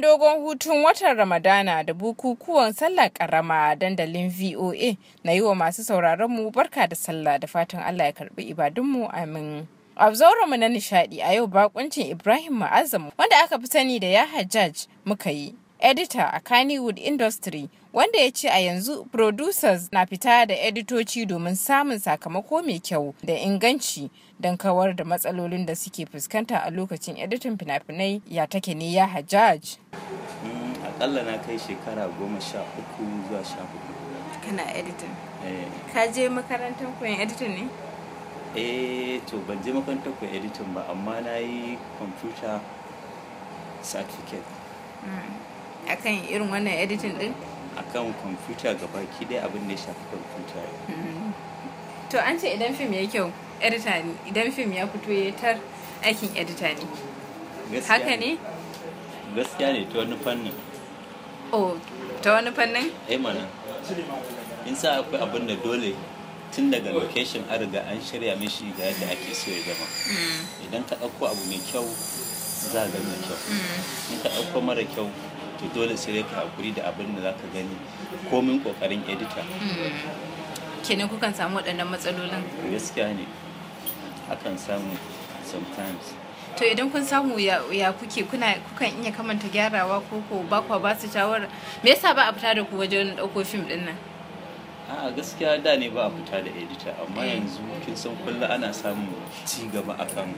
dogon hutun watan ramadana da bukukuwan sallah karama dandalin voa na yi wa masu sauraron mu barka da sallah da fatan allah ya karbi ibadunmu amin mu na nishadi a yau bakuncin ibrahim ma'azam wanda aka fi sani da ya hajjaj muka yi editor a Kannywood Industry wanda ya ce a yanzu producers na fita da editoci domin samun sakamako mai kyau da inganci don kawar da matsalolin da suke fuskanta a lokacin editin fina-finai ya take ne ya hajjaj. Mm, akalla na kai shekara goma sha uku zuwa sha hudu. Kana editin? Eh. Ka je makarantar koyon editin ne? eh to ban je makarantar ku editan ba amma na yi computer certificate mm. akan irin wannan editing din akan kwamfuta gaba ki dai abin da ya shafi kwamfuta to an ce idan fim ya kyau editor ne idan fim ya fito ya tar aikin editor ne haka ne gaskiya ne ta wani fannin oh ta wani fannin eh mana in sa akwai abin da dole tun daga location an riga an shirya mishi ga yadda ake so ya zama mm. idan ka ɗauko abu mai kyau za a mai kyau mm. in ka ɗauko mara kyau to dole sai ka hakuri da abin da zaka gani komin kokarin edita hmm. kenan kukan samu waɗannan matsalolin gaskiya ne akan samu sometimes to idan kun samu ya kuke kuna kukan iya kamanta gyarawa ko ko ba kwa ba su shawara me yasa ba a fita da ku wajen ɗauko fim din nan a gaskiya da ne ba a fita da edita amma eh. yanzu kin san kullum ana samun ci gaba akan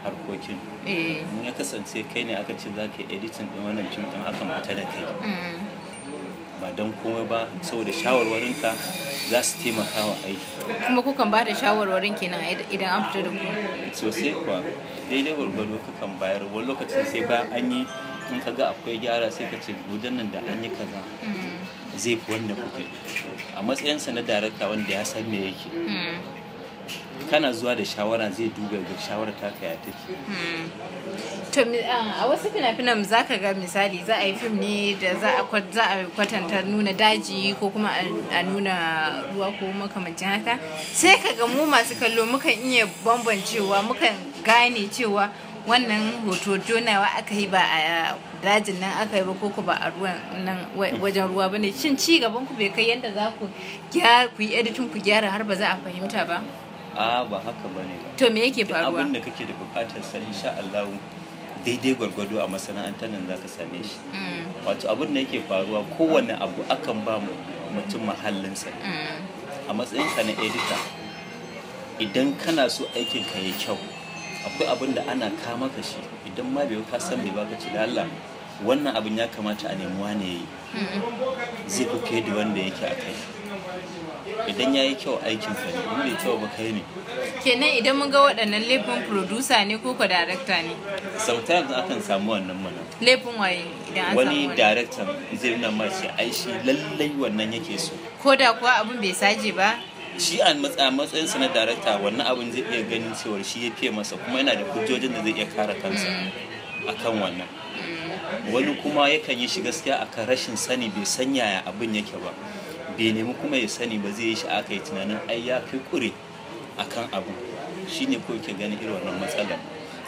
harkokin eh. in ya kasance kai ne aka ce za ka editin din wannan fim din akan fita da kai mm-hmm. ba don komai ba saboda shawarwarinka za su taimaka wa aiki kuma kukan ba da shawarwarin kenan idan an fita da ku sosai kuwa daidai gwargwado kukan bayar wani lokacin sai ba an yi in ka ga akwai gyara sai ka ce gudan nan da an yi kaza mm-hmm. zai fi wanda kuka a matsayinsa na darakta wanda ya san me yake mm-hmm. kana zuwa da shawara zai duba ga shawara ta kaya take hmm. to a wasu fina-finan za ka ga misali za a yi fim ne da za a kwatanta nuna daji ko kuma a nuna ruwa ko makamancin haka sai ka ga mu masu kallo mukan iya bambancewa mukan gane cewa wannan hoto jonawa aka yi ba a dajin nan aka yi ba ko ba a ruwan nan wajen ruwa bane shin ci gaban ku bai kai yadda za ku yi editin ku gyara har ba za a fahimta ba a ba haka ba ne to me yake faruwa abin da kake da bukatar sani sha Allah daidai gwargwado a masana'antar nan zaka same shi mm. wato abin da yake faruwa kowane abu akan ba mu mutum sa mm. a matsayin ka na edita idan kana so aikin ka yayi kyau akwai abin da ana kama ka shi idan ma bai ka san bai baka ci da Allah wannan abin ya kamata a nemi wane yayi mm. zai fi kai da wanda yake a kai idan ya yi kyau aikin sa ne in kyau ba kai ne kenan idan mun ga waɗannan laifin producer ne ko ko director ne sometimes akan samu wannan mana laifin waye idan an wani director zai nuna ma shi ai shi lallai wannan yake so ko da kuwa abun bai saje ba shi a matsayin sa na darakta wannan abin zai iya ganin cewar shi ya fiye masa kuma yana da hujjojin da zai iya kare kansa mm. akan wannan mm. wani kuma yakan yi shi gaskiya akan rashin sani bai san yaya abin yake ba bai nemi kuma ya sani ba zai yi shi aka yi tunanin ai ya fi kure kan abu shine ko ke ganin irin wannan matsalar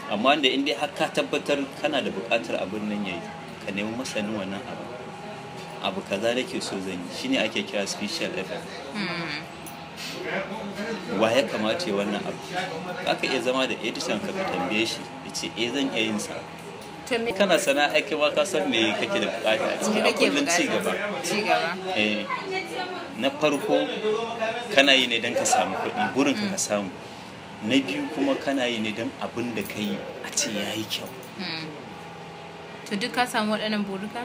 amma da in dai har ka tabbatar kana da buƙatar abin nan yayi ka nemi masanin wannan abu abu kaza ke so zan yi shine ake kira special effect hmm. wa ya kamata ya wannan abu aka iya zama da editan ka ka tambaye shi ya ce eh zan iya yin sa kana sana'a kai ma ka san me kake da buƙata a cikin kullun ci gaba ci gaba eh na farko kana yi ne don ka samu kuɗi burin ka samu na biyu kuma kana yi ne don abin da ka yi a ce ya yi kyau hmm. to duk ka samu waɗannan burika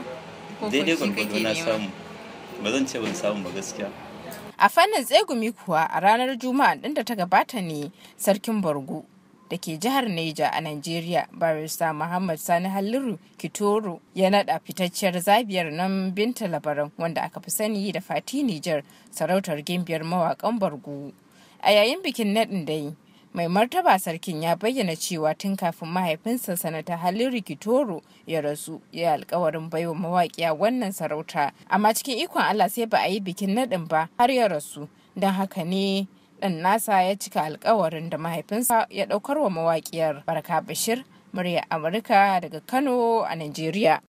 ko daidai gwargwado na samu ba zan ce ban samu ba gaskiya a fannin tsegumi kuwa a ranar juma'a ɗin da ta gabata ne sarkin bargu da ke jihar Neja a Najeriya barista Muhammad Sani Halliru Kitoro ya nada fitacciyar zabiyar nan Binta Labaran wanda aka fi sani da Fati Nijar sarautar gimbiyar mawakan Bargu. A yayin bikin naɗin dai mai martaba sarkin ya bayyana cewa tun kafin mahaifinsa sanata Halliru kitoro ya rasu ya alkawarin baiwa mawaƙiya wannan sarauta amma cikin ikon allah sai ba a yi bikin naɗin ba har ya rasu don haka ne ɗan nasa ya cika alkawarin da mahaifinsa ya ɗaukar wa mawaƙiyar barka bashir murya amurka daga kano a najeriya